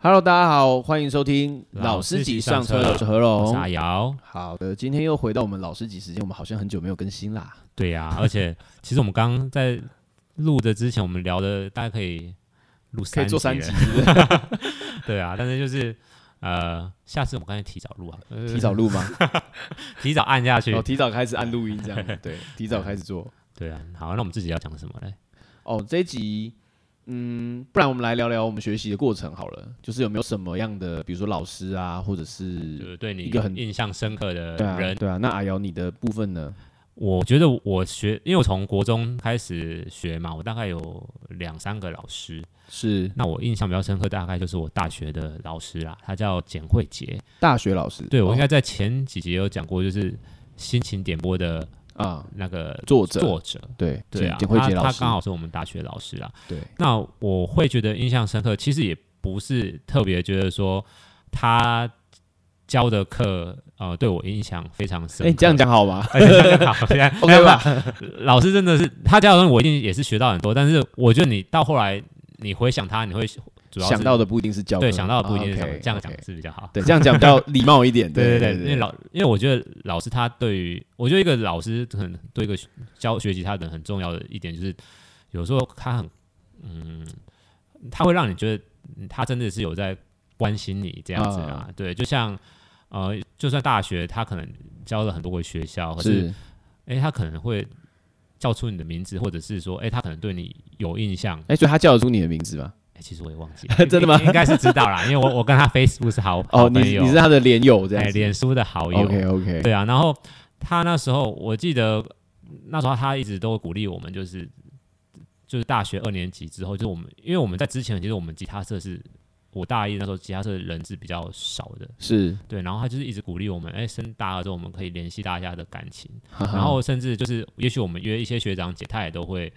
Hello，大家好，歡迎收聽老司機上車。何、啊、龍、謝謝，我是阿瑤。好的，今天又回到我們老司機時間，我們好像很久沒有更新啦。對呀、啊，而且 其實我們剛在錄的之前，我們聊的大家可以錄三集，可以做三集。 對啊，但是就是呃，下次我們剛才提早錄啊，提早錄嗎？ 提早按下去，提早開始按錄音這樣。 對，提早開始做。對啊，好，那我們自己要講什麼嘞？哦，這一集。嗯，不然我們來聊聊我們學習的過程好了。就是有沒有什麼樣的，比如說老師啊，或者是對你一個很、就是、印象深刻的人？對啊。對啊，那阿瑤你的部分呢？我覺得我學，因為我從國中開始學嘛，我大概有兩三個老師。是。那我印象比較深刻，大概就是我大學的老師啦，他叫簡慧杰。大學老師。對，我應該在前幾集有講過，就是心情點播的。啊、嗯，那個作者，作者，對對啊，他他剛好是我們大學的老師啊。對，那我會覺得印象深刻，其實也不是特別覺得說他教的課，呃，對我印象非常深。你、欸、這樣講好嗎、欸、好 講好 ？OK、欸、吧，老師真的是他教的東西我一定也是學到很多。但是我覺得你到後來你回想他，你會。主要想到的不一定是教，對，想到的不一定是講，啊、okay, 這樣講是比較好，對，這樣講比較禮貌一點，對 對對對。對對對，因為老，因為我覺得老師他對於，我覺得一個老師可能對一個學教學習他的人很重要的一點就是，有時候他很，嗯，他會讓你覺得他真的是有在關心你這樣子啊，對，就像呃，就算大學他可能教了很多個學校，可是，哎，他可能會叫出你的名字，或者是說，哎，他可能對你有印象，哎，所以他叫得出你的名字吧。其實我也忘記了， 真的嗎？應該是知道啦， 因為我我跟他 Facebook 是好朋友。哦、你你是他的臉友這樣子，哎、臉書的好友。OK OK，對啊。然後他那時候我記得那時候他一直都鼓勵我們，就是就是大學二年級之後，就是我們因為我們在之前其實我們吉他社是，我大一的那時候吉他社人是比較少的，是對。然後他就是一直鼓勵我們，哎、欸，升大二之後我們可以聯繫大家的感情， 然後甚至就是也許我們約一些學長姐，他也都會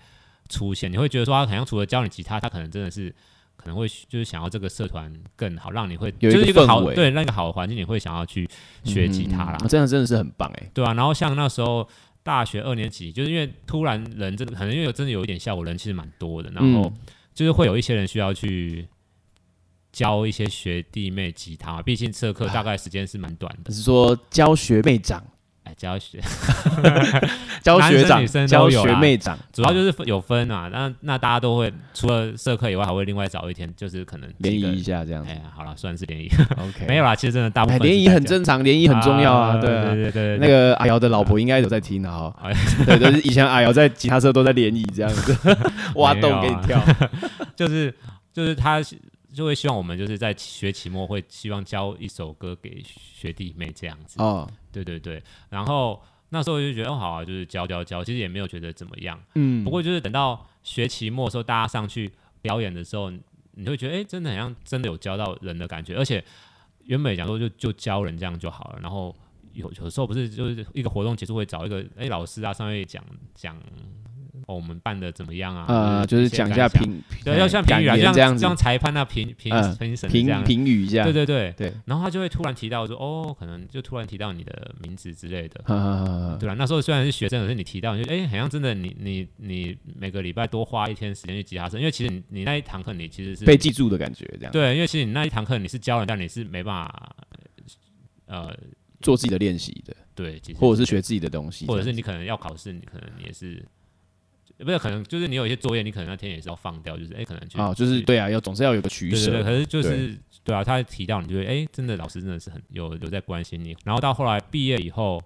出現。你會覺得說他好像除了教你吉他，他可能真的是。可能會就是想要這個社團更好，讓你會就是一個好一個對那個好的環境，你會想要去學吉他啦。真、嗯、的真的是很棒哎、欸，對啊。然後像那時候大學二年級，就是因為突然人真的可能因為真的有一點效果，人其實蠻多的。然後就是會有一些人需要去教一些學弟妹吉他，畢竟社課大概時間是蠻短的。我是說教學妹長。哎，教學， 教學長，生，生、啊、教學妹長，主要就是有分啊。那那大家都會，除了社課以外，還會另外找一天，就是可能聯誼一下這樣哎，好了，算是聯誼，OK，沒有啦，其實真的大部分聯誼很正常，聯誼很重要啊。啊對，啊對，對，對對對對，那個阿瑤的老婆應該有在聽啊。 對，對、就，是以前阿瑤在吉他社都在聯誼這樣子、 啊，挖洞給你跳， 就是就是他。就會希望我們就是在學期末會希望教一首歌給學弟妹這樣子，哦。對對對。然後那時候就覺得哦，好啊，就是教教教，其實也沒有覺得怎麼樣。嗯。不過就是等到學期末的時候，大家上去表演的時候，你就會覺得哎，真的好像真的有教到人的感覺。而且原本講說就就教人這樣就好了。然後有有時候不是就是一個活動結束會找一個哎，老師啊，上面講講。講哦、我們辦的怎麼樣啊？呃、嗯，就是講一,一下評，對，要像評語啊，這樣子，像，像裁判那評評評審評評語一樣。對對對對。然後他就會突然提到說，哦，可能就突然提到你的名字之類的，呵呵呵對吧？那時候雖然是學生，可是你提到，就、欸、哎，好像真的你，你你你每個禮拜多花一天時間去吉他聲，因為其實你你那一堂課你其實是被記住的感覺，這樣。對，因為其實你那一堂課你是教了，但你是沒辦法，呃，做自己的練習的，對，或者是學自己的東西，或者是你可能要考試，你可能也是。不是，可能就是你有一些作業，你可能那天也是要放掉，就是哎、欸，可能、啊、就是對啊，要總是要有個取捨。可是就是對，對啊，他提到你，就會哎、欸，真的老師真的是很有有在關心你。然後到後來畢業以後，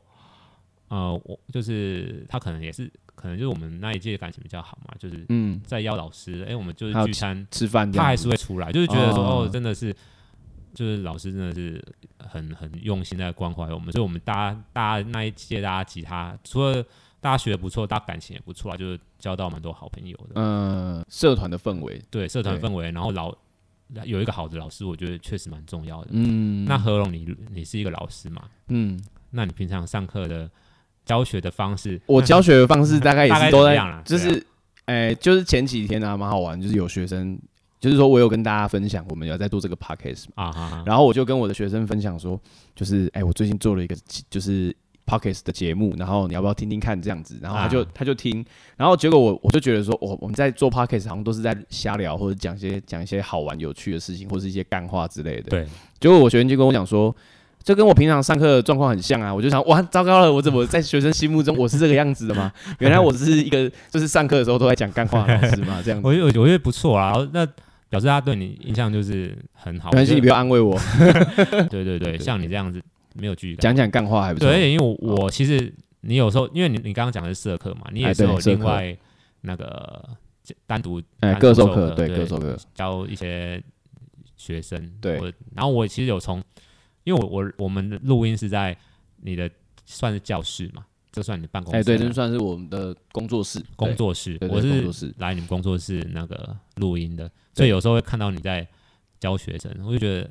呃，我就是他可能也是，可能就是我們那一屆的感情比較好嘛，就是嗯，在邀老師，哎、欸，我們就是聚餐吃飯，他還是會出來，就是覺得說哦，真的是、哦，就是老師真的是很很用心在關懷我們，所以我們大家大家那一屆大家其他除了，大學不錯，大家感情也不錯啊，就是交到蠻多好朋友的。嗯，社團的氛圍，對社團氛圍，然後老有一個好的老師，我覺得確實蠻重要的。嗯，那何龍你，你你是一個老師嘛？嗯，那你平常上課的教學的方式，我教學的方式大概也是都一 樣了，就是哎、啊，就是前幾天呢、啊、蠻好玩，就是有學生，就是說，我有跟大家分享，我們要在做這個 podcast 啊哈哈，然後我就跟我的學生分享說，就是哎，我最近做了一個，就是。Podcast 的節目，然後你要不要聽聽看這樣子？然後他就、啊、他就聽，然後結果我我就覺得說，我、喔、我們在做 Podcast 好像都是在瞎聊或者講一些講一些好玩有趣的事情，或是一些幹話之類的。對，結果我學員就跟我講說，就跟我平常上課狀況很像啊。我就想，哇，糟糕了，我怎麼在學生心目中我是這個樣子的嗎？ 原來我是一個就是上課的時候都在講幹話的老師嘛，這樣子。 我覺得我覺得不錯啊。然後那表示他對你印象就是很好。沒關係，你不要安慰我。 對對對，對，對，像你這樣子。沒有具體講講幹話還不是？對，因為我、哦、我其實你有時候因為你你剛剛講的是社課嘛，你也是有另外那個單獨、單獨哎個授課對個授課教一些學生對，然後我其實有從因為我我我們的錄音是在你的算是教室嘛，這算你辦公室、哎、對，這算是我們的工作室工作室，我是來你們工作室那個錄音的，所以有時候會看到你在教學生，我就覺得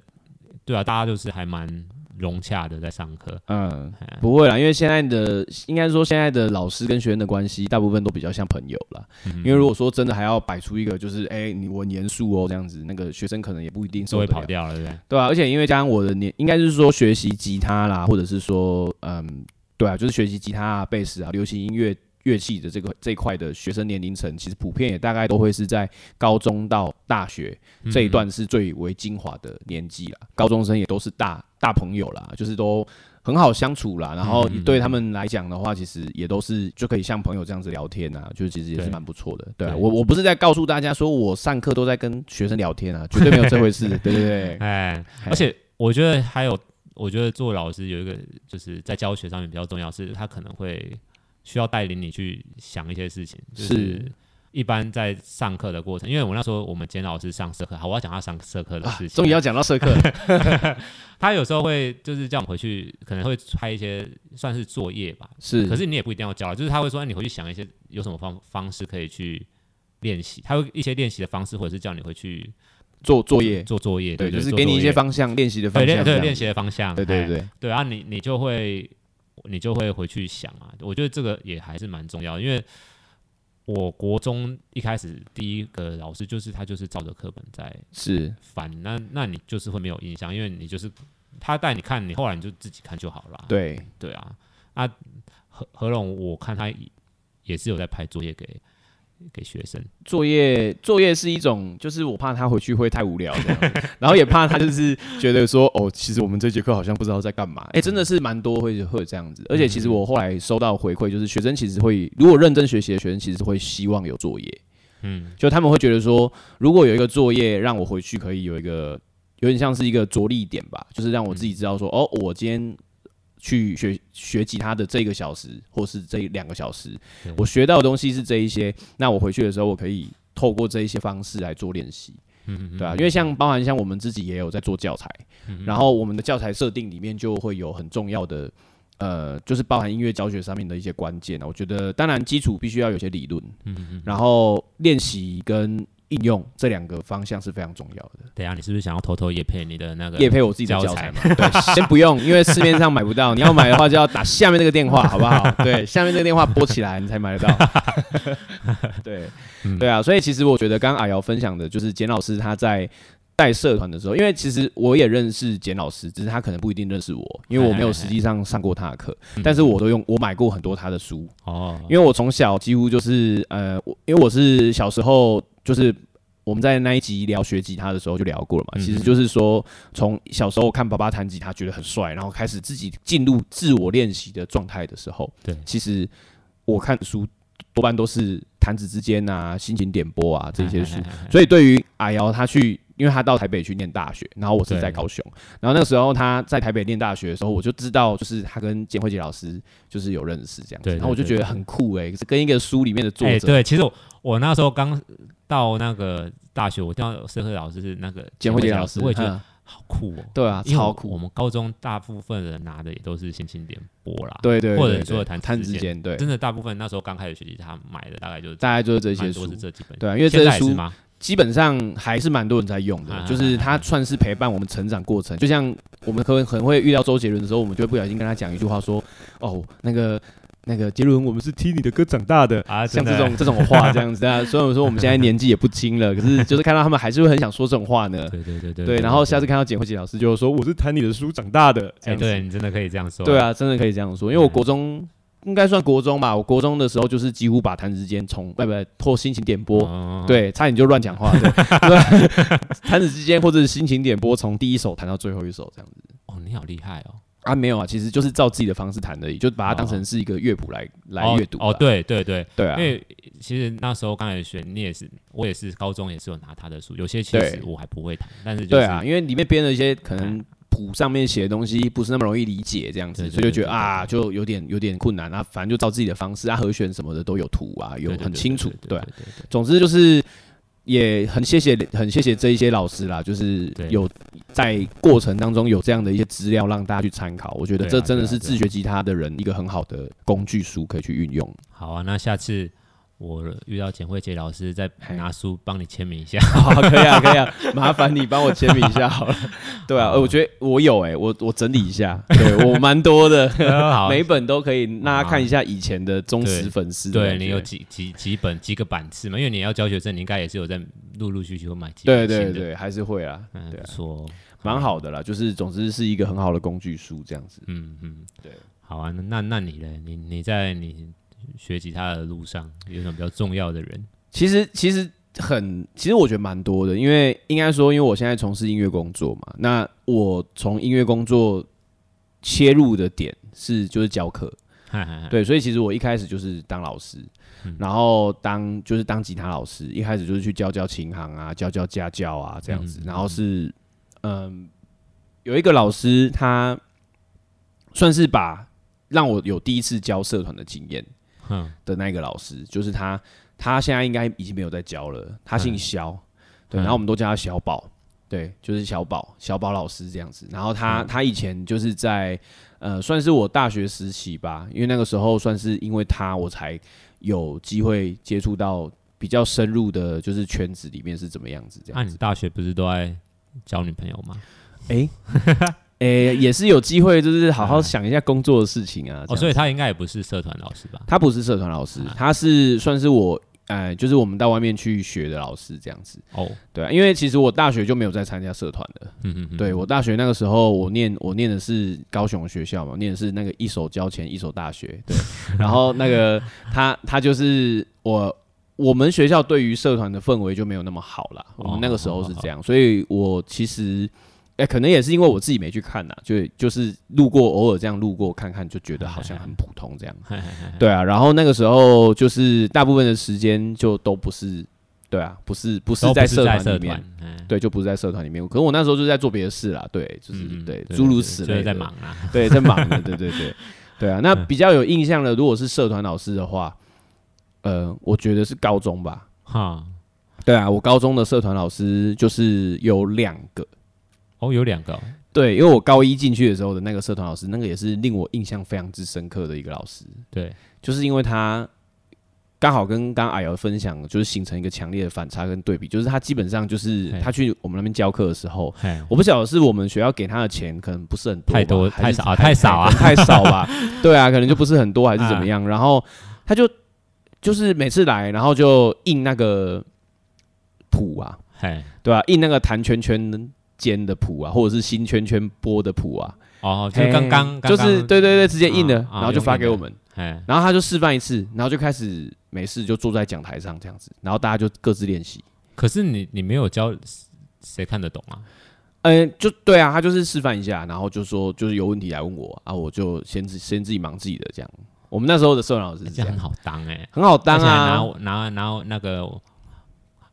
對啊，大家就是還蠻。融洽的在上課，嗯、啊，不會啦，因為現在的應該說現在的老師跟學生的關係，大部分都比較像朋友了、嗯。因為如果說真的還要擺出一個就是，哎、欸，你我嚴肅哦這樣子，那個學生可能也不一定不，是會跑掉了是不是？對啊，而且因為加上我的年，應該是說學習吉他啦，或者是說，嗯，對啊，就是學習吉他、啊、貝斯啊，流行音樂。樂器的這個這一塊的學生年齡層，其實普遍也大概都會是在高中到大學這一段是最為精華的年紀了。高中生也都是大大朋友啦，就是都很好相處啦。然後你對他們來講的話，其實也都是就可以像朋友這樣子聊天啊，就是其實也是蠻不錯的。對、啊、我我不是在告訴大家說我上課都在跟學生聊天啊，絕對沒有這回事。對不對，哎，而且我覺得還有，我覺得做老師有一個就是在教學上面比較重要，是他可能會。需要帶領你去想一些事情，就是一般在上課的過程，因為我那時候我們監老師上社課，好，我要講他上社課的事情。終、啊、於要講到社課， 他有時候會就是叫我回去，可能會拍一些算是作業吧，是，可是你也不一定要交，就是他會說、欸，你回去想一些有什麼方方式可以去練習，他會一些練習的方式，或者是叫你回去做作業，做作業對對對，做作業，對，就是給你一些方向練習的方向，對，對，對，對，對，練習的方向，對，對，對，對啊，你你就會。你就會回去想啊，我覺得這個也還是蠻重要，因為我國中一開始第一個老師就是他就是照着課本在是翻，是，那那你就是會沒有印象，因為你就是他帶你看，你後來你就自己看就好了。對對啊，啊，何何龍，我看他也是有在派作業給。給學生作業，作業是一種，就是我怕他回去會太無聊這樣， 然後也怕他就是覺得說，哦，其實我們這節課好像不知道在幹嘛。哎、欸，真的是蠻多會會這樣子。而且其實我後來收到回饋，就是學生其實會，如果認真學習的學生，其實會希望有作業。嗯，就他們會覺得說，如果有一個作業讓我回去可以有一個，有點像是一個着力點吧，就是讓我自己知道說，哦，我今天。去學學吉他的這個小時，或是這兩個小時，嗯，我學到的東西是這一些。那我回去的時候，我可以透過這一些方式來做練習，嗯，對吧、啊？因為像包含像我們自己也有在做教材，嗯、然後我們的教材設定裡面就會有很重要的呃，就是包含音樂教學上面的一些關鍵。我覺得當然基礎必須要有些理論，嗯嗯，然後練習跟。應用這兩個方向是非常重要的。對啊，你是不是想要偷偷業配，你的那個業配，我自己的教材嘛？ 對，先不用，因為市面上買不到。 你要買的話，就要打下面這個電話。 好不好？對，下面這個電話撥起來，你才買得到。 對、嗯，對啊。所以其實我覺得，剛剛阿瑤分享的就是簡老師他在帶社團的時候，因為其實我也認識簡老師，只是他可能不一定認識我，因為我沒有實際上上過他的課，但是我都用我買過很多他的書哦、嗯，因為我從小幾乎就是呃我，因為我是小時候就是我們在那一集聊學吉他的時候就聊過了嘛，嗯嗯其實就是說從小時候看爸爸彈吉他覺得很帥，然後開始自己進入自我練習的狀態的時候，對，其實我看書多半都是彈指之間啊、心情點播啊這些書嘿嘿嘿嘿，所以對於阿瑤他去。因為他到台北去念大學，然後我是在高雄，然後那個時候他在台北念大學的時候，我就知道就是他跟簡彙杰老師就是有認識這樣子，對對對對，然後我就覺得很酷是、欸、跟一個書裡面的作者。欸、對，其實我，我那時候剛到那個大學，我聽到社課老師是那個簡彙杰老、老師，我也覺得、嗯、好酷哦、喔。對啊，超酷！我們高中大部分人拿的也都是新琴點播啦，對對，對對，或者你說的間《彈指之間》，對，真的大部分那時候剛開始學習，他買的大概就是大概就是這些書，是這幾本，對、啊，因為這些書嘛。基本上還是蠻多人在用的，啊、就是它算是陪伴我們成長過程。啊、就像我們可能很會遇到周杰倫的時候，我們就會不小心跟他講一句話，說：“哦，那個那個杰倫，我們是聽你的歌長大的。啊”啊，像這種這種話這樣子啊。 雖然我說我們現在年紀也不輕了，可是就是看到他們還是會很想說這種話呢。對對對對。對，然後下次看到簡彙杰老師就說，就是說我是彈你的書長大的。哎，對，你真的可以這樣說。對啊，真的可以這樣說，因為我國中。嗯應該算國中吧，我國中的時候就是幾乎把彈指之間從，不不，不，或心情點播，oh. 對，差點就亂講話，對吧？彈 指 之間或者是心情點播，從第一首彈到最後一首這樣子。哦、oh,，你好厲害哦！啊，沒有啊，其實就是照自己的方式彈而已，就把它當成是一個樂譜來、oh. 來閱讀。哦、oh, oh,，對對對對啊，因為其實那時候剛開始學，你也是，我也是，高中也是有拿他的書，有些其實我還不會彈，但是、就是、對啊，因為裡面編了一些可能。圖上面寫的東西不是那麼容易理解，這樣子，所以就覺得啊，就有點有點困難啊。反正就照自己的方式啊，和弦什麼的都有圖啊，有很清楚。對啊，總之就是也很謝謝很謝謝這一些老師啦，就是有在過程當中有這樣的一些資料讓大家去參考。我覺得這真的是自學吉他的人一個很好的工具書，可以去運用。好啊，那下次。我遇到簡慧杰老師，再拿書幫你簽名一下，好 ，oh, 可以啊，可以啊，麻煩你幫我簽名一下好了。 對啊、oh. 呃，我覺得我有哎、欸，我我整理一下， 對我蠻多的， 每本都可以。那、oh. 看一下以前的忠實粉絲，對，對，對，對你有幾幾幾本幾個版次嘛。因為你要教學生，你應該也是有在陸陸續續，續買幾本對，對對對，還是會啊，嗯，啊、說蠻好的啦。 就是總之是一個很好的工具書這樣子。嗯嗯，對，好啊，那那你呢？你你在你。學吉他的路上有什麼比較重要的人？其實其實很其實我覺得蠻多的，因為應該說，因為我現在從事音樂工作嘛，那我從音樂工作切入的點是就是教課、嗯，對，所以其實我一開始就是當老師，嗯、然後當就是當吉他老師，一開始就是去教教琴行啊，教教家教、教、教啊這樣子，嗯、然後是嗯有一個老師他算是把讓我有第一次教社團的經驗。嗯、的那個老師就是他，他現在應該已經沒有在教了。他姓肖，嗯、對、嗯，然後我們都叫他小寶，對，就是小寶，小寶老師這樣子。然後他、嗯、他以前就是在呃，算是我大學時期吧，因為那個時候算是因為他我才有機會接觸到比較深入的，就是圈子裡面是怎麼樣子。這樣子，啊、你大學不是都在交女朋友嗎？哎、欸。 誒、欸，也是有機會，就是好好想一下工作的事情啊。哦，所以他應該也不是社團老師吧？他不是社團老師、啊，他是算是我，哎、呃，就是我們到外面去學的老師這樣子。哦，對，因為其實我大學就沒有再參加社團了。嗯嗯，嗯對，我大學那個時候，我念我念的是高雄學校嘛，念的是那個一手交錢一手大學。對， 然後那個他他就是我，我們學校對於社團的氛圍就沒有那麼好了、哦。我們那個時候是這樣，哦、好好好，所以我其實。哎、欸，可能也是因為我自己沒去看吶、啊，就就是路過偶爾這樣路過看看，就覺得好像很普通這樣。嘿嘿嘿嘿。對啊，然後那個時候就是大部分的時間就都不是，對啊，不是不是在社團裡面，對，就不是在社團裡面，裡面。可能我那時候就在做別的事啦，對，就是、嗯、對，諸如此類對，在忙啊，對，在忙的，對對對， 對啊。那比較有印象的，如果是社團老師的話，呃，我覺得是高中吧。哈，對啊，我高中的社團老師就是有兩個。哦、oh，有兩個、哦。對，因為我高一進去的時候的那個社團老師，那個也是令我印象非常之深刻的一個老師。對，就是因為他剛好跟剛矮友分享，就是形成一個強烈的反差跟對比。就是他基本上就是他去我們那邊教課的時候，我不曉得是我們學校給他的錢可能不是很多，太多太少啊，太少啊， 太少吧？對啊，可能就不是很多還是怎麼樣？啊、然後他就就是每次來，然後就印那個譜啊，對啊，印那個彈圈圈。間的譜啊，或者是新圈圈播的譜啊，哦，就是剛剛、欸、就是對對對，直接印的、啊，然後就發給我們，哎、啊，然後他就示範一次，然後就開始沒事就坐在講台上這樣子，然後大家就各自練習。可是你你沒有教誰看得懂啊？嗯，就對啊，他就是示範一下，然後就說就是有問題來問我啊，我就先自先自己忙自己的這樣。我們那時候的社課老師這樣、啊，這樣很好當哎、欸，很好當啊，然後然後那個。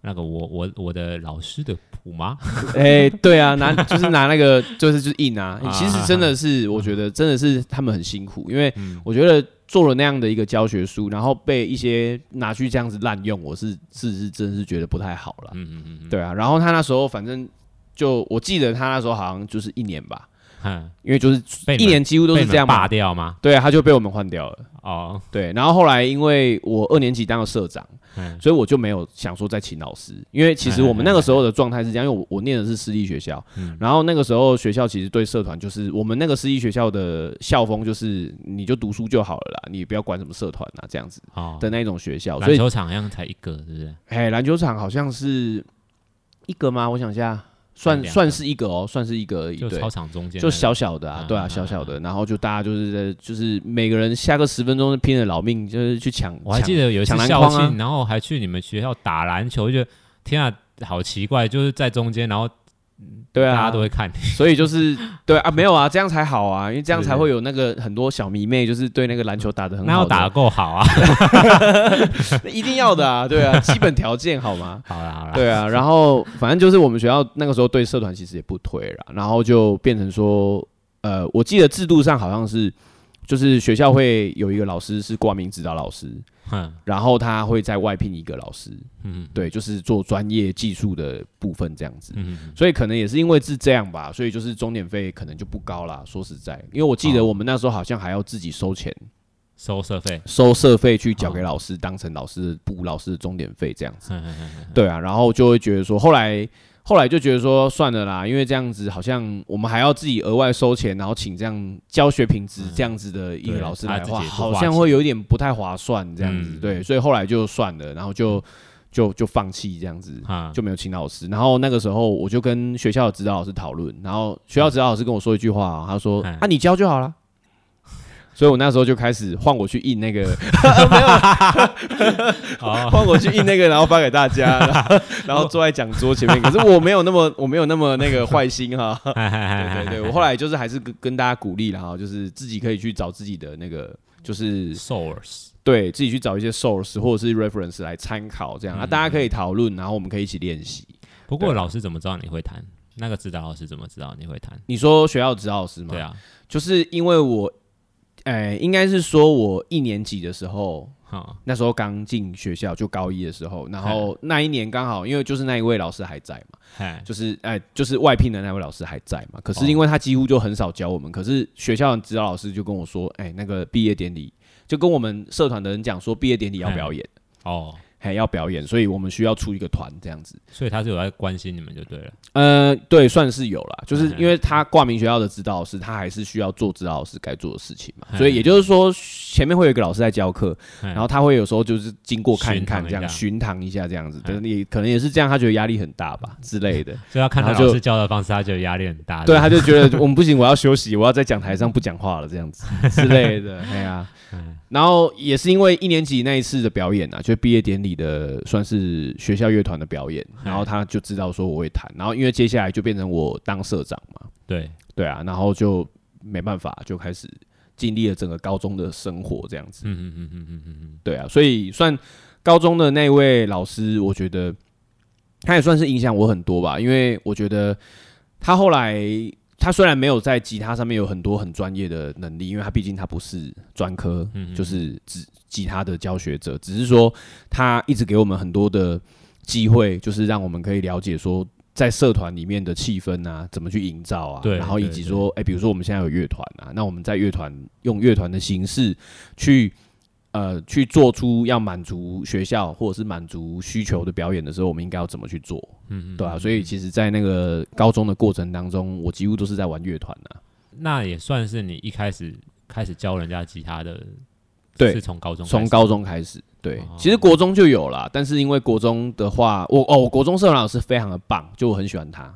那個我我我的老師的譜嗎？哎、 欸，對啊，拿就是拿那個 就是就是、印啊。其實真的是， 我覺得真的是他們很辛苦，因為我覺得做了那樣的一個教學書，然後被一些拿去這樣子濫用，我是是是真的是覺得不太好了。嗯嗯嗯，對啊。然後他那時候反正就我記得他那時候好像就是一年吧。嗯，因為就是一年幾乎都是這樣，拔掉嘛。對、啊，他就被我們換掉了。哦，對，然後後來因為我二年級當了社長、oh.，所以我就沒有想說再請老師，因為其實我們那個時候的狀態是這樣，因為我我念的是私立學校，然後那個時候學校其實對社團就是我們那個私立學校的校風就是你就讀書就好了啦，你不要管什麼社團吶、啊、這樣子的那種學校，籃球場好像才一個，是不是？哎，籃球場好像是一個嗎？我想一下。算算是一個哦，算是一個，就操場中間，那個，就小小的啊，啊對啊，啊，小小的、啊。然後就大家就是在就是每個人下個十分鐘拼了老命，就是去搶。我還記得有一次校慶，搶籃框啊，然後還去你們學校打籃球，就天啊，好奇怪，就是在中間，然後。對啊，大家都會看，所以就是 對啊，沒有啊，這樣才好啊，因為這樣才會有那個很多小迷妹，就是對那個籃球打得很好的， 打得夠好啊， 一定要的啊，對啊，基本條件好嗎？ 好啦，好啦，對啊，然後反正就是我們學校那個時候對社團其實也不推了啦，然後就變成說，呃，我記得制度上好像是。就是學校會有一個老師是掛名指導老師，嗯，然後他會在外聘一個老師，嗯，對，就是做專業技術的部分這樣子，嗯，所以可能也是因為是這樣吧，所以就是鐘點費可能就不高啦。說實在，因為我記得我們那時候好像還要自己收錢，收社費，收社費去交給老師，哦、當成老師補老師的鐘點費這樣子，嗯，對啊，然後就會覺得說後來。後來就覺得說算了啦，因為這樣子好像我們還要自己額外收錢，然後請這樣教學品質這樣子的一個老師來的話、嗯，好像會有一點不太划算這樣子。嗯、對，所以後來就算了，然後就就就放棄這樣子、嗯，就沒有請老師。然後那個時候我就跟學校的指導老師討論，然後學校指導老師跟我說一句話，他說：“嗯、啊，你教就好了。”所以，我那時候就開始換我去印那個，沒有，好，換我去印那個，然後發給大家，然後坐在講桌前面。可是我沒有那麼，我沒有那麼那個壞心哈。對對對，我後來就是還是跟跟大家鼓勵了哈，就是自己可以去找自己的那個就是 source，對自己去找一些 source 或者是 reference 來參考這樣啊。大家可以討論，然後我們可以一起練習。不過老師怎麼知道你會彈？那個指導老師怎麼知道你會彈？你說學校指導老師嗎？對啊，就是因為我。哎，應該是說，我一年級的時候，哈那時候剛進學校，就高一的時候，然後那一年剛好，因為就是那一位老師還在嘛，就是哎，就是外聘的那位老師還在嘛。可是因為他幾乎就很少教我們，哦、可是學校的指導老師就跟我說，哎，那個畢業典禮，就跟我們社團的人講說，畢業典禮要表演、嗯、哦。還要表演，所以我們需要出一個團這樣子。所以他是有在關心你們就對了。呃，對，算是有啦，就是因為他掛名學校的指導老師，他還是需要做指導老師該做的事情嘛嘿嘿。所以也就是說，前面會有一個老師在教課，然後他會有時候就是經過看一看這樣巡堂一,一下這樣子。就是你可能也是這樣，他覺得壓力很大吧之類的。所以要看他就是教的方式，就嗯、他覺得壓力很大。對，他就覺得我們不行， 我要休息，我要在講臺上不講話了這樣子之類的。 對啊。然後也是因為一年級那一次的表演啊，就畢業典禮。的算是學校樂團的表演，然後他就知道說我會彈，然後因為接下來就變成我當社長嘛，對對啊，然後就沒辦法就開始經歷了整個高中的生活這樣子，嗯嗯嗯嗯嗯嗯，對啊，所以算高中的那位老師，我覺得他也算是影響我很多吧，因為我覺得他後來。他雖然沒有在吉他上面有很多很專業的能力，因為他畢竟他不是專科，嗯嗯嗯就是指吉他的教學者。只是說他一直給我們很多的機會，就是讓我們可以了解說在社團裡面的氣氛啊，怎麼去營造啊，然後以及說，哎、欸，比如說我們現在有樂團啊，那我們在樂團用樂團的形式去。呃，去做出要滿足學校或者是滿足需求的表演的時候，我們應該要怎麼去做？嗯，對啊，所以其實，在那個高中的過程當中，我幾乎都是在玩樂團吶。那也算是你一開始開始教人家吉他的，對，是從高中開始，從高中開始。對，哦，其實國中就有了，哦，但是因為國中的話，我哦，我國中社團老師非常的棒，就我很喜歡他。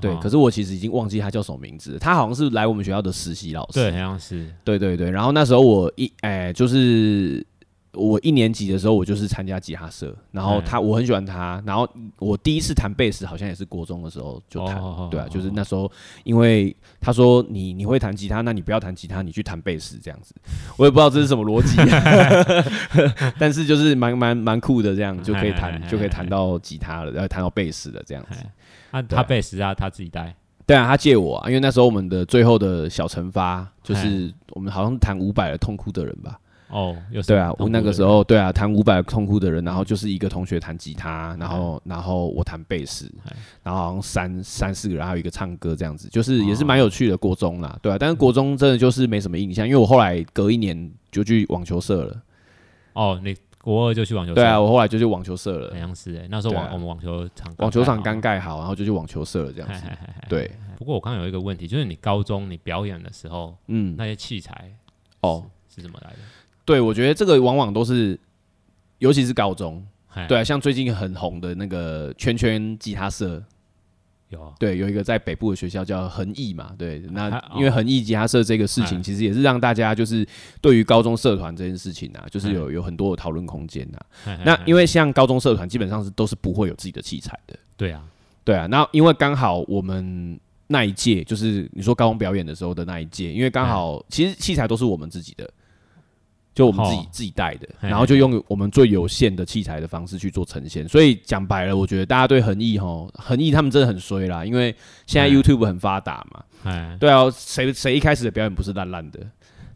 對、哦，可是我其實已經忘記他叫什麼名字了。他好像是來我們學校的實習老師，對，好像是。對對對，然後那時候我一，哎、欸，就是我一年級的時候，我就是參加吉他社。然後他、嗯、他，我很喜歡他。然後我第一次彈貝斯，好像也是國中的時候就彈、哦。對啊，就是那時候，因為他說你你會彈吉他，那你不要彈吉他，你去彈貝斯這樣子。我也不知道這是什麼邏輯， 但是就是蠻蠻蠻酷的，這樣嘿嘿嘿嘿嘿就可以彈就可以彈到吉他了，然後彈到貝斯了這樣子。他他時啊，啊，他自己帶。對啊，他借我啊，因為那時候我們的最後的小懲罰就是我們好像彈五百痛哭的人吧。哦、啊，對啊，我那個時候對啊，彈五百痛哭的人，然後就是一個同學彈吉他，然後然後我彈貝斯，然後好像三三四個，人還有一個唱歌這樣子，就是也是蠻有趣的國中啦。哦、對啊，但是國中真的就是沒什麼印象、嗯，因為我後來隔一年就去網球社了。哦，你。國二就去網球社了。對啊，我後來就去網球社了。好像是、欸、那時候網、啊、我們網球場，網球場剛蓋好，然後就去網球社了這樣子。嘿嘿嘿嘿對，不過我剛剛有一個問題，就是你高中你表演的時候，嗯，那些器材是哦是怎麼來的？對，我覺得這個往往都是，尤其是高中，對啊，像最近很紅的那個圈圈吉他社。有啊，對，有一個在北部的學校叫恆毅嘛。對，那因為恆毅吉他社這個事情，其實也是讓大家就是對於高中社團這件事情啊，就是有有很多的討論空間吶啊。那因為像高中社團基本上是都是不會有自己的器材的。對啊，對啊。那因為剛好我們那一屆就是你說高中表演的時候的那一屆，因為剛好其實器材都是我們自己的。就我們自己、哦、自己帶的，然後就用我們最有限的器材的方式去做呈現。所以講白了，我覺得大家對恆毅吼，恆毅他們真的很衰啦，因為現在 YouTube 很發達嘛。對啊，誰誰一開始的表演不是爛爛的？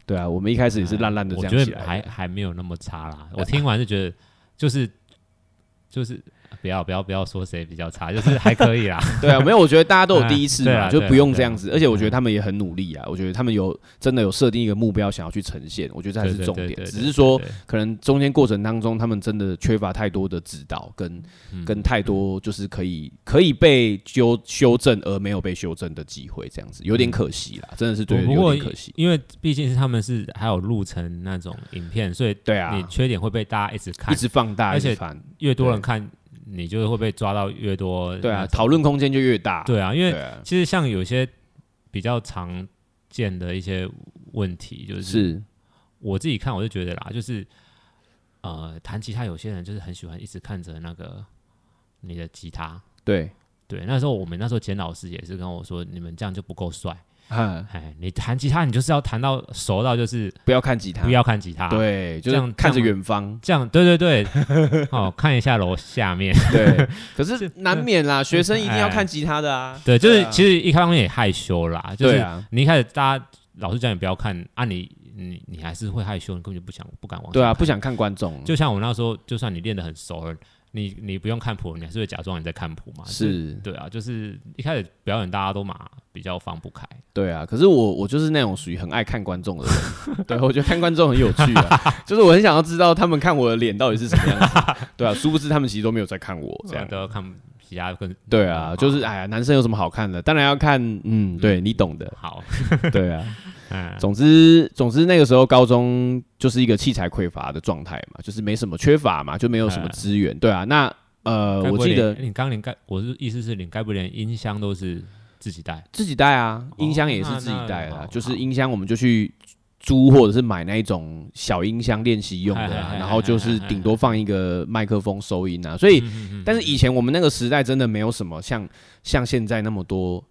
對啊，我們一開始也是爛爛的。這樣子，我覺得還還沒有那麼差啦。我聽完就覺得就、啊，就是就是。不要不要不要說誰比較差，就是還可以啦。 對啊，沒有，我覺得大家都有第一次嘛，啊、就不用這樣子。而且我覺得他們也很努力啊，嗯、我覺得他們有真的有設定一個目標，想要去呈現，我覺得這還是重點。對對對對，只是說，可能中間過程當中，他們真的缺乏太多的指導跟，跟、嗯、跟太多就是可以可以被糾修、修正而沒有被修正的機會，這樣子有點可惜啦。真的是對，不過、有點可惜，因為畢竟是他們是還有錄成那種影片，所以對啊，你缺點會被大家一直看，啊、一直放大一，而且越多人看。你就是會被抓到越多，對啊，討論空間就越大。對啊，因為其實像有些比較常見的一些問題，就是，是我自己看我就覺得啦，就是呃，彈吉他有些人就是很喜歡一直看着那個你的吉他。對對，那時候我們那時候簡老師也是跟我說，你們這樣就不夠帥。哎、嗯，你彈吉他，你就是要彈到熟到，就是不要看吉他，不要看吉他，吉他對，就這樣看着遠方，這樣，這樣對對對， 哦，看一下樓下面，對。 可是難免啦，學生一定要看吉他的啊。對啊，對，就是其實一方面也害羞啦，就是你一開始，大家老師講你不要看，啊你，你你你還是會害羞，你根本就不想不敢往。對啊，不想看觀眾。就像我那時候，就算你練得很熟了，你你不用看譜，你還是會假裝你在看譜嘛？是對啊，就是一開始表演，大家都嘛比較放不開。對啊，可是我我就是那種屬於很愛看觀眾的人， 對，我覺得看觀眾很有趣，啊。 就是我很想要知道他們看我的臉到底是什麼樣子。 對啊，殊不知他們其實都沒有在看我， 這樣、啊、都要看其他跟對啊，嗯、就是哎呀，男生有什麼好看的？當然要看，嗯，嗯，對你懂的。好， 對啊。嗯、總之，總之那個時候高中就是一個器材匱乏的狀態嘛，就是沒什麼缺乏嘛，就沒有什麼資源、嗯，對啊。那呃，我記得你剛連蓋，我的意思是你該不連音箱都是自己帶，自己帶啊，音箱也是自己帶啊、哦那那個。就是音箱我們就去租或者是買那種小音箱練習用的、啊嗯嗯嗯、然後就是頂多放一個麥克風收音啊。所以、嗯嗯嗯，但是以前我們那個時代真的沒有什麼像像現在那麼多。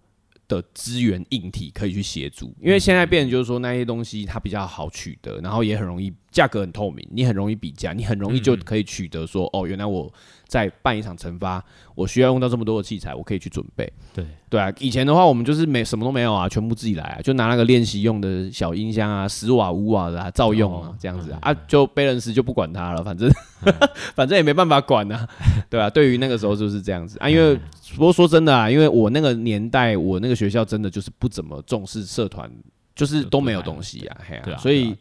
的資源硬體可以去協助，因為現在變成就是說那些東西它比較好取得，然後也很容易。價格很透明，你很容易比價，你很容易就可以取得說、嗯、哦，原來我在辦一場成發，我需要用到這麼多的器材，我可以去準備。對對啊，以前的話我們就是沒什麼都沒有啊，全部自己來，啊，就拿那個練習用的小音箱啊，十瓦五瓦的啊，照用啊，哦哦這樣子啊，嗯啊嗯、就 balance 就不管他了，反正、嗯、 反正也沒辦法管呢、啊，對啊，對於那個時候就是這樣子啊，因為不過、嗯、說真的啊，因為我那個年代，我那個學校真的就是不怎麼重視社團。就是都沒有東西啊，嘿啊，所以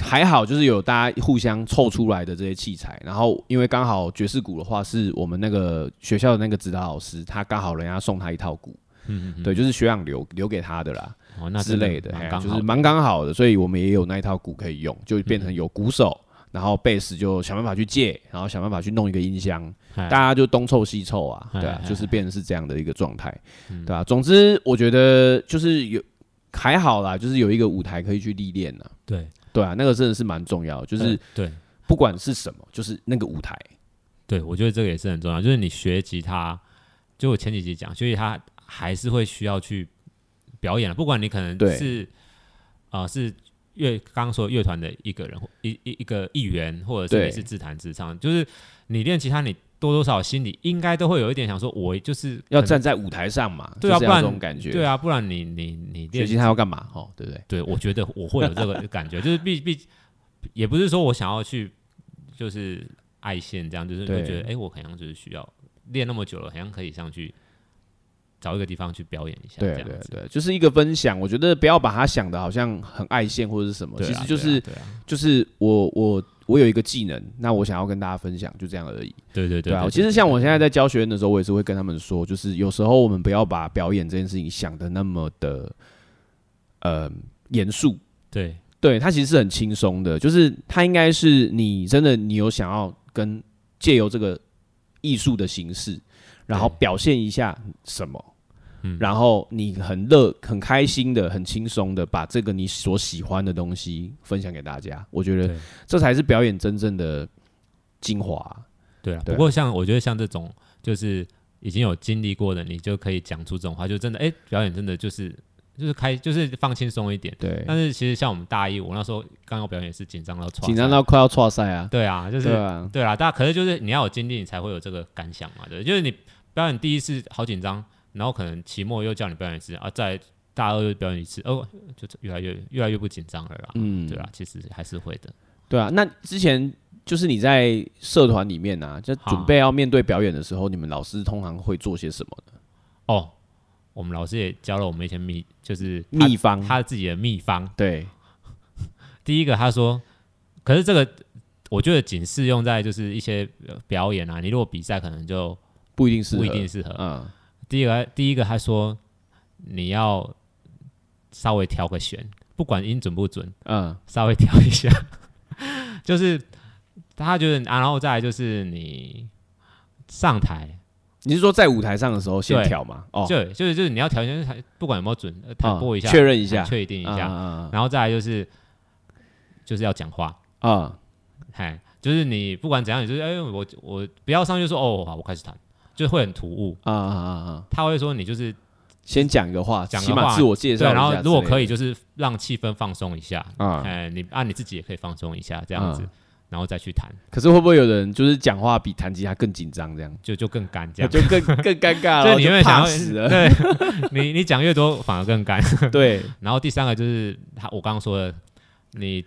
還好，就是有大家互相湊出來的這些器材、嗯。嗯嗯嗯嗯嗯、然後因為剛好爵士鼓的話，是我們那個學校的那個指導老師，他剛好人家送他一套鼓，嗯嗯，嗯，對，就是學長留留給他的啦、哦，之類的，啊、就是蠻剛好的，所以我們也有那一套鼓可以用，就變成有鼓手，然後貝斯就想辦法去借，然後想辦法去弄一個音箱，大家就東湊西湊啊，對啊，就是變成是這樣的一個狀態，對吧、啊？總之，我覺得就是有。還好啦，就是有一個舞台可以去歷練了對，對啊，那個真的是蠻重要，就是對，不管是什麼、嗯，就是那個舞台。對，我覺得這個也是很重要，就是你學吉他，就我前幾集講，學吉他還是會需要去表演了、啊。不管你可能是啊、呃，是樂剛剛說樂團的一個人，一一一個議員，或者是你是自彈自唱，就是你練吉他你。多多少，少心裡應該都會有一點想說，我就是要站在舞台上嘛，對啊，不然就是、這樣一種感覺。對啊，不然你你你最近他要幹嘛？哈，對不對，對？對，我覺得我會有這個感覺， 就是畢畢也不是說我想要去就是愛現這樣，就是我覺得哎、欸，我好像就是需要練那麼久了，好像可以上去找一個地方去表演一下這樣子。對、啊、對、啊、對，就是一個分享。我覺得不要把他想得好像很愛現或者什麼對，啊，其實就是、啊啊、就是我我。我有一個技能，那我想要跟大家分享，就這樣而已。對對對、對，其實像我現在在教學員的時候，我也是會跟他們說，就是有時候我們不要把表演這件事情想得那麼的，呃，嚴肅。對，對它其實是很輕鬆的，就是它應該是你真的，你有想要跟借由這個藝術的形式，然後表現一下什麼。嗯、然後你很樂、很開心的、很輕鬆的把這個你所喜歡的東西分享給大家，我覺得這才是表演真正的精華啊。對啊。啊、不過像我覺得像這種就是已經有經歷過的，你就可以講出這種話，就真的哎，表演真的就是就是開就是放輕鬆一點。對。但是其實像我們大一，我那時候剛剛表演是緊張到，緊張到快要剉賽啊。對啊，就是對啊，對啊。啊、可是就是你要有經歷，你才會有這個感想嘛。對，就是你表演第一次好緊張。然後可能期末又叫你表演一次，啊，再大二又表演一次，哦，就越來越越來越不緊張了啦，嗯，對啊，其實還是會的，對啊。那之前就是你在社團裡面啊，就準備要面對表演的時候，啊、你們老師通常會做些什麼的？哦，我們老師也教了我們一些秘，就是秘方，他自己的秘方。對， 第一個他說，可是這個我覺得僅適用在就是一些表演啊，你如果比賽可能就不一定適，不一定適合，嗯。第一個，第一個他說，你要稍微調個弦，不管音準不準，嗯，稍微調一下， 就是他就是、啊、然後再來就是你上台。你是說在舞台上的時候先調嗎？哦，對，就是就是你要調，先不管有沒有準，彈撥一下，確、嗯、認一下，確定一下、嗯嗯嗯，然後再來就是就是要講話，嗯，嗨，就是你不管怎樣，你就是哎、欸、我我不要上去就說哦好，我開始彈。就會很突兀啊啊啊！他會說你就是先講一個話，講一個話起碼自我介紹，然後如果可以就是讓氣氛放鬆一下嗯，呃、你按、啊、你自己也可以放鬆一下這樣子、嗯，然後再去彈。可是會不會有人就是講話比彈吉他更緊張，這樣就就更乾這樣，這就更更尷尬了？因想要死了。 對你，你講越多反而更乾。 對， 然後第三個就是他我剛剛說的，你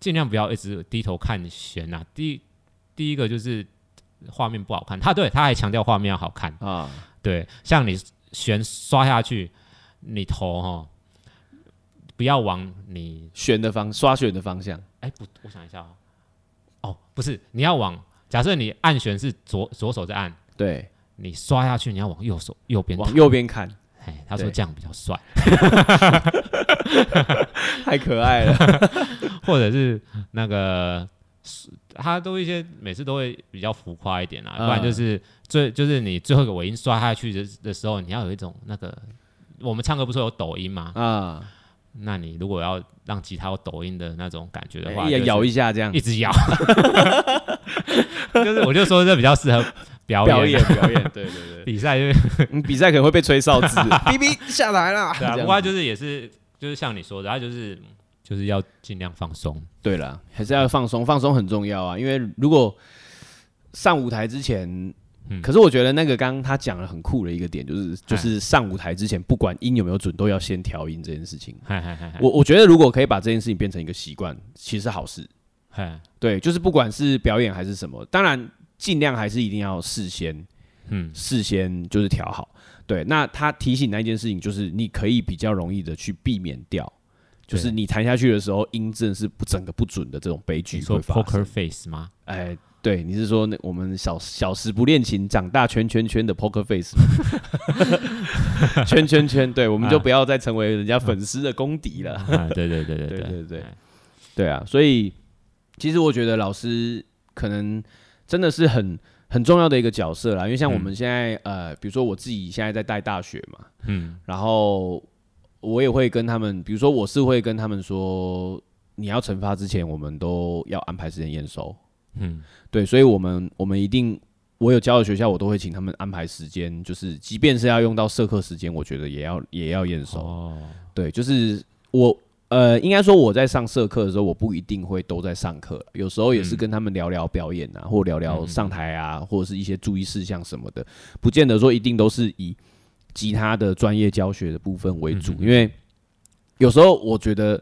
儘量不要一直低頭看弦啊。第第一個就是。畫面不好看，他對他還強調畫面要好看啊、嗯。對，像你弦刷下去，你頭哈，不要往你弦的方刷弦的方向。哎、欸，不，我想一下、喔、哦，不是你要往，假設你按弦是左左手在按，對，你刷下去你要往右手右邊，往右邊看。哎、欸，他說這樣比較帥， 太可愛了， 或者是那個。他都一些每次都會比較浮誇一點啊，不然就是、嗯、最就是你最後一個尾音刷下去的的時候，你要有一種那個我們唱歌不是說有抖音嘛嗯，那你如果要讓吉他有抖音的那種感覺的話，也、欸就是、咬一下這樣，一直咬， 就是我就說這比較適合表演表演 表演，對對對，比賽就是你、嗯、比賽可能會被吹哨子，嗶 嗶下來了。對啊、不過就是也是就是像你說的，他就是。就是要盡量放鬆。對了，還是要放鬆，嗯，放鬆很重要啊。因為如果上舞台之前，嗯，可是我覺得那個剛剛他講了很酷的一個點，就是就是上舞台之前，不管音有沒有準，都要先調音這件事情。嘿嘿嘿嘿。我我覺得如果可以把這件事情變成一個習慣，其實好事。對，就是不管是表演還是什麼，當然盡量還是一定要事先，嗯，事先就是調好。對，那他提醒那一件事情，就是你可以比較容易的去避免掉。就是你彈下去的時候，音真的是不整個不準的，這種悲劇會發生。說 poker face 嗎？哎、呃，對，你是說，那我們小小時不練琴，長大圈圈圈的 poker face， 圈圈圈，啊。對，我們就不要再成為人家粉絲的公敵了，啊。對對對對對 對對，對，對，哎。對啊，所以其實我覺得老師可能真的是很很重要的一個角色啦。因為像我們現在，嗯、呃，比如說我自己現在在帶大學嘛，嗯，然後。我也會跟他們，比如說我是會跟他們說，你要成發之前，我們都要安排時間驗收。嗯，對，所以我們我們一定，我有教的學校，我都會請他們安排時間，就是即便是要用到社課時間，我覺得也要也要驗收。哦，對，就是我呃，應該說我在上社課的時候，我不一定會都在上課，有時候也是跟他們聊聊表演啊。嗯，或聊聊上台啊，或者是一些注意事項什麼的，不見得說一定都是以。其他的專業教學的部分為主，因為有時候我覺得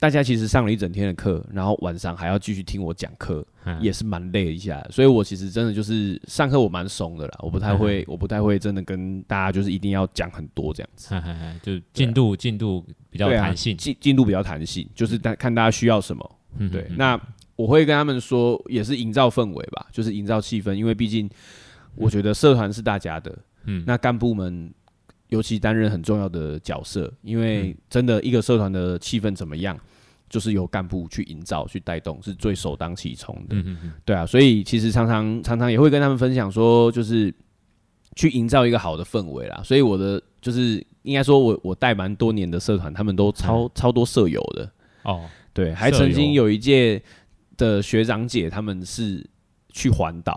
大家其實上了一整天的課，然後晚上還要繼續聽我講課，也是蠻累一下。所以我其實真的就是上課我蠻慫的啦，我不太會，我不太會真的跟大家就是一定要講很多這樣子，就進度進度比較彈性，進進度比較彈性，就是看看大家需要什麼。對，那我會跟他們說，也是營造氛圍吧，就是營造氣氛，因為畢竟我覺得社團是大家的。嗯，那幹部們。尤其擔任很重要的角色，因為真的一個社團的氣氛怎麼樣，嗯、就是由幹部去營造、去帶動，是最首當其衝的。嗯嗯，對啊，所以其實常常常常也會跟他們分享說，就是去營造一個好的氛圍啦。所以我的就是應該說我我帶蠻多年的社團，他們都超、嗯、超多社友的哦。對，還曾經有一屆的學長姐，他們是去環島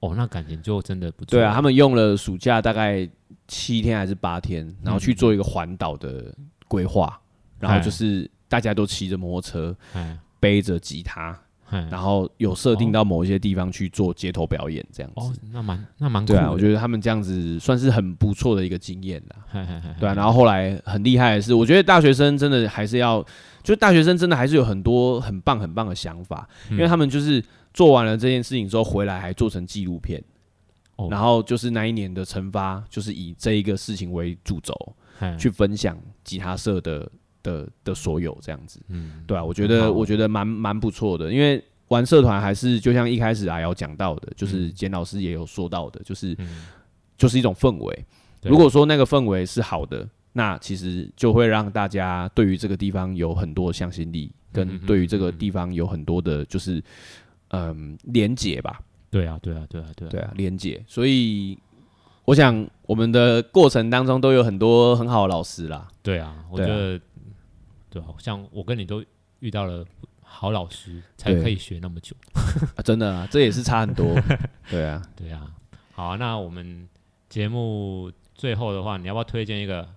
哦，那感覺就真的不錯。對啊，他們用了暑假大概、嗯。七天還是八天，然後去做一個環島的規劃，嗯，然後就是大家都騎着摩托車，背着吉他，然後有設定到某一些地方去做街頭表演，這樣子。哦，哦那蠻那蠻酷的。對、啊、我覺得他們這樣子算是很不錯的一個經驗了。對、啊、然後後來很厲害的是，我覺得大學生真的還是要，就大學生真的還是有很多很棒很棒的想法，嗯、因為他們就是做完了這件事情之後回來還做成紀錄片。Oh. 然後就是那一年的成發，就是以這一個事情為主軸，去分享吉他社的的的所有這樣子，嗯、對啊，我覺得我覺得蠻蠻不錯的，因為玩社團還是就像一開始啊要講到的，就是簡、嗯、老師也有說到的，就是、嗯、就是一種氛圍。如果說那個氛圍是好的，那其實就會讓大家對於這個地方有很多向心力，跟對於這個地方有很多的，就是嗯連接吧。對啊，對，啊對啊，對啊，對啊，對啊，連接。所以我想，我們的過程當中都有很多很好的老師啦。對啊，我覺得對啊，對好像我跟你都遇到了好老師，才可以學那麼久。啊 啊、真的，啊，這也是差很多。 對啊，對啊。好啊，那我們節目最後的話，你要不要推薦一個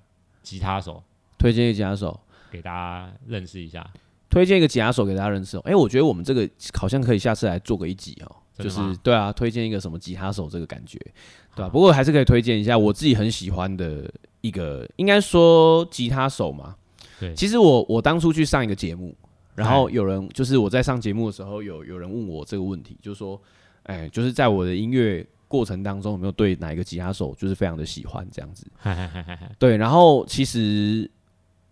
吉他手？推薦一個吉他手給大家認識一下。推薦一個吉他手給大家認識。哎，我覺得我們這個好像可以下次來做個一集哦。就是對啊，推薦一個什麼吉他手，這個感覺，對吧？不過還是可以推薦一下我自己很喜歡的一個，應該說吉他手嘛。對，其實我我當初去上一個節目，然後有人就是我在上節目的時候有，有有人問我這個問題，就說，哎，就是在我的音樂過程當中，有沒有對哪一個吉他手就是非常的喜歡這樣子？ 對，然後其實。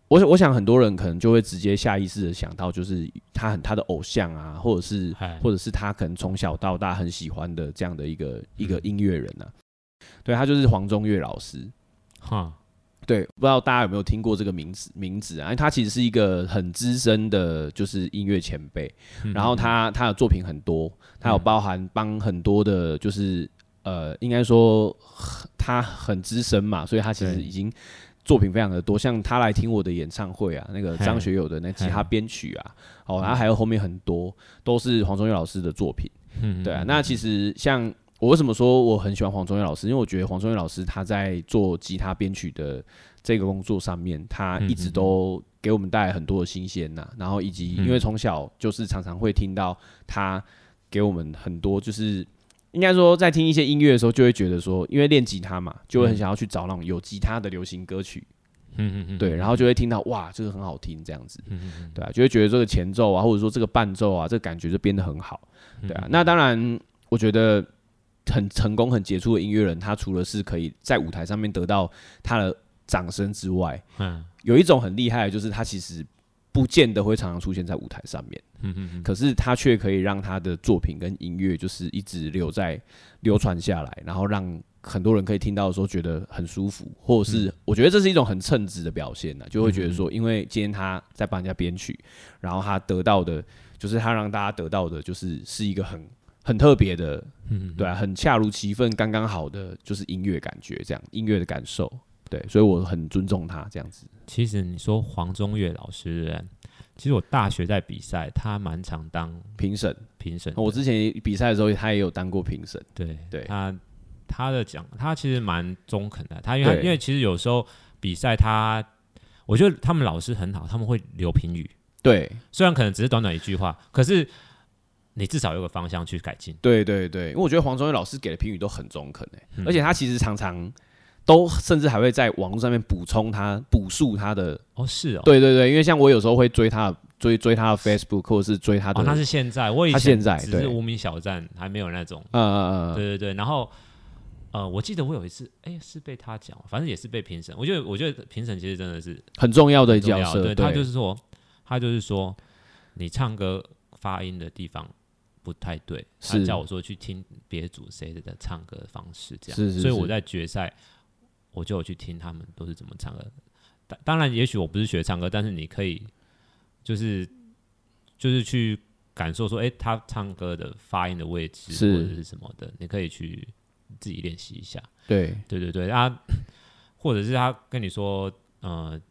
我我想很多人可能就會直接下意識的想到，就是他很他的偶像啊，或者是或者是他可能從小到大很喜歡的這樣的一個、嗯、一個音樂人啊，對他就是黃中岳老師，哈，對，我不知道大家有沒有聽過這個名字名字啊？因為他其實是一個很資深的，就是音樂前輩、嗯嗯，然後他他的作品很多，他有包含幫很多的，就是、嗯、呃，應該說他很資深嘛，所以他其實已經。作品非常的多，像他來聽我的演唱會啊，那個張學友的那吉他編曲啊，哦，然後還有後面很多都是黃宗佑老師的作品，嗯嗯嗯，對啊，那其實像我為什麼說我很喜歡黃宗佑老師，因為我覺得黃宗佑老師他在做吉他編曲的這個工作上面，他一直都給我們帶來很多的新鮮吶、啊，然後以及因為從小就是常常會聽到他給我們很多就是。應該說，在聽一些音樂的時候，就會覺得說，因為練吉他嘛，就會很想要去找那種有吉他的流行歌曲。嗯嗯嗯，對，然後就會聽到哇，這個很好聽這樣子。嗯嗯對啊，就會覺得這個前奏啊，或者說這個伴奏啊，這個感覺就編得很好。對啊，那當然，我覺得很成功、很傑出的音樂人，他除了是可以在舞台上面得到他的掌聲之外，嗯，有一種很厲害的就是他其實。不見得會常常出現在舞台上面，可是他卻可以讓他的作品跟音樂就是一直留在流傳下來，然後讓很多人可以聽到的時候覺得很舒服，或者是我覺得這是一種很稱職的表現呢、啊，就會覺得說，因為今天他在幫人家編曲，然後他得到的就是他讓大家得到的就是是一個很很特別的，對、啊，很恰如其分、剛剛好的就是音樂感覺這樣，音樂的感受，對，所以我很尊重他這樣子。其實你說黃宗岳老師是不是，其實我大學在比賽，他蠻常當評審。評審，我之前比賽的時候，他也有當過評審。對，對，他他的講，他其實蠻中肯的。他因為他因為其實有時候比賽，他我覺得他們老師很好，他們會留評語。對，雖然可能只是短短一句話，可是你至少有個方向去改進。對對對，對，因為我覺得黃宗岳老師給的評語都很中肯誒、欸，而且他其實常常。都甚至還會在網絡上面補充他、補述他的哦，是哦，對對對，因為像我有時候會追他、追追他的 Facebook，或者是追他的。哦，他是現在，我以前他現在只是無名小站，還沒有那種。嗯嗯嗯，對對對。然後，呃，我記得我有一次，哎，是被他講，反正也是被評審。我覺得，我覺得評審其實真的是很重要，很重要的一件事，對他就是說，他就是說，你唱歌發音的地方不太對。他叫我說去聽別組誰的的唱歌的方式這樣。是是是。所以我在決賽，我就有去聽他們都是怎麼唱歌的，當當然，也許我不是學唱歌，但是你可以就是就是去感受說，哎、欸，他唱歌的發音的位置或者是什麼的，你可以去自己練習一下。對，對對對，他、啊、或者是他跟你說，嗯、呃，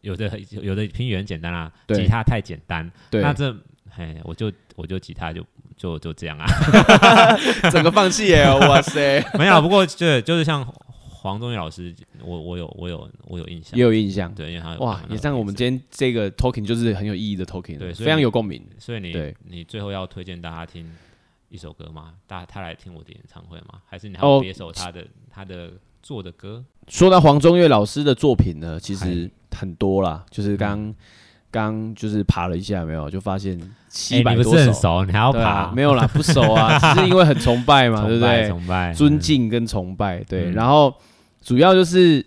有的有的評語很簡單啊，吉他太簡單，對那這哎，我就我就吉他就就就這樣啊， 整個放棄有、欸喔、哇塞， 沒有，不過就就是像。黃宗岳老師，我我有我有我有印象，也有印象，對，因為他哇，你像我們今天這個 talking 就是很有意義的 talking，對，非常有共鳴，所以你對所以你,你最後要推薦大家聽一首歌嗎？大家他來聽我的演唱會嗎？還是你還有別首他的、哦、他的做的,的歌？說到黃宗岳老師的作品呢，其實很多啦，就是剛剛、嗯、就是爬了一下，沒有就發現七百多首，欸、你,很熟你還要爬、啊？沒有啦，不熟啊， 只是因為很崇拜嘛，拜對不對、嗯？尊敬跟崇拜，對，嗯、然後。主要就是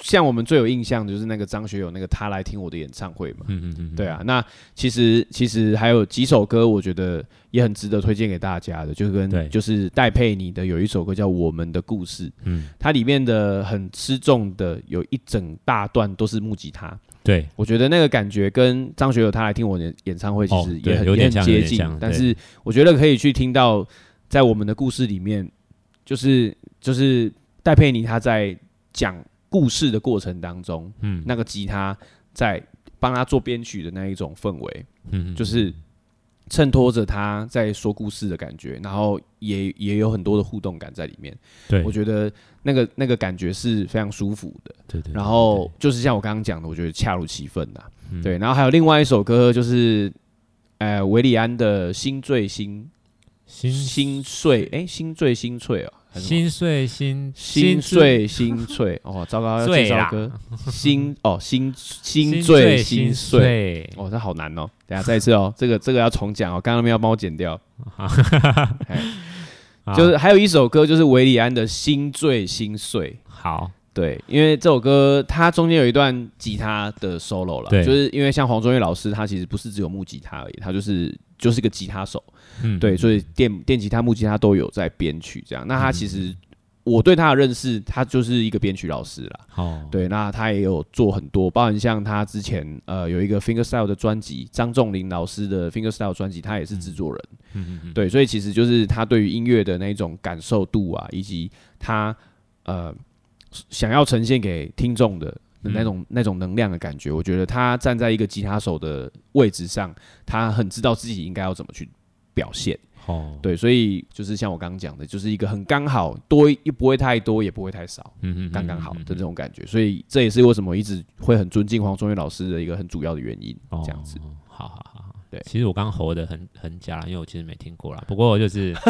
像我們最有印象的就是那個張學友那個他來聽我的演唱會嘛，嗯嗯嗯嗯，對啊，那其實其實還有幾首歌我覺得也很值得推薦給大家的，就跟就是戴佩妮的有一首歌叫《我們的故事》，嗯，它裡面的很吃重的有一整大段都是木吉他，對我覺得那個感覺跟張學友他來聽我的演唱會其實也很，哦、對、有點像、也很接近、有點像，但是我覺得可以去聽到在我們的故事裡面，就是，就是就是。戴佩妮她在講故事的過程當中，嗯，那個吉他在幫他做編曲的那一種氛圍，嗯，嗯，嗯，嗯，就是襯托着他在說故事的感覺，然後也也有很多的互動感在裡面。對，我覺得那個那個感覺是非常舒服的。對對，對，對。然後就是像我剛剛講的，我覺得恰如其分吶、啊嗯。對。然後還有另外一首歌，就是呃韋禮安的《心醉心心碎》欸，哎，心醉心碎哦。心碎心心碎心碎哦，糟糕，要剪歌。心哦，心心，心碎心碎，心碎哦，這好難哦。等下再一次哦， 這個這個要重講哦。剛剛那邊要幫我剪掉 okay,、啊。就是還有一首歌，就是韋禮安的《心醉心碎》。好，對，因為這首歌它中間有一段吉他的 solo 了，就是因為像黃中岳老師，他其實不是只有木吉他而已，他就是就是一個吉他手。嗯，對，所以電電吉他、木吉他都有在編曲這樣。那他其實我對他的認識，他就是一個編曲老師啦。哦，對，那他也有做很多，包含像他之前呃有一個 finger style 的專輯，張仲林老師的 finger style 專輯，他也是制作人。嗯嗯。對，所以其實就是他對於音樂的那種感受度啊，以及他呃想要呈現給聽眾的那種那種能量的感覺。嗯，我覺得他站在一個吉他手的位置上，他很知道自己應該要怎麼去。表現、嗯、哦，對，所以就是像我剛剛講的，就是一個很剛好多又不會太多，也不會太少，嗯嗯，剛剛好的這種感覺、嗯嗯，所以這也是為什麼我一直會很尊敬黃中岳老師的一個很主要的原因。哦、這樣子、哦，好好好，對，其實我剛剛吼的很很假，因為我其實沒聽過啦。不過就是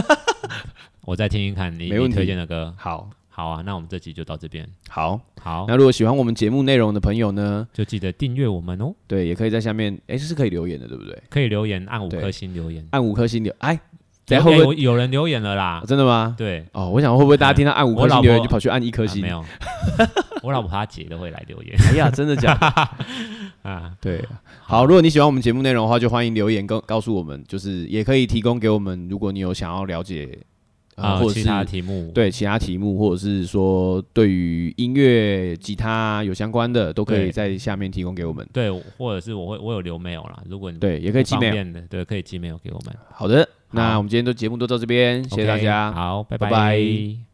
我再聽聽看你沒你推薦的歌，好。好啊，那我們這集就到這邊。好，好，那如果喜歡我們節目內容的朋友呢，就記得訂閱我們哦。對，也可以在下面，哎、欸，是可以留言的，對不對？可以留言，按五顆星留言，按五顆星會、會留言。哎，然後有人留言了啦、哦，真的嗎？對，哦，我想會不會大家聽到按五顆星、嗯、留言就跑去按一顆星、啊？沒有， 我老婆她姐都會來留言。 哎呀，真的假的？ 啊，對好，好，如果你喜歡我們節目內容的話，就歡迎留言告告訴我們，就是也可以提供給我們。如果你有想要了解。啊，或是其他題目，對其他題目，或者是說對於音樂、吉他有相關的，都可以在下面提供給我們。對，對或者是我會我有留 mail 啦，如果你方便對，也可以寄 mail 的，對，可以寄 mail 給我們。好的，那我們今天的節目都到這邊，謝謝大家，okay, 好，拜拜。拜拜。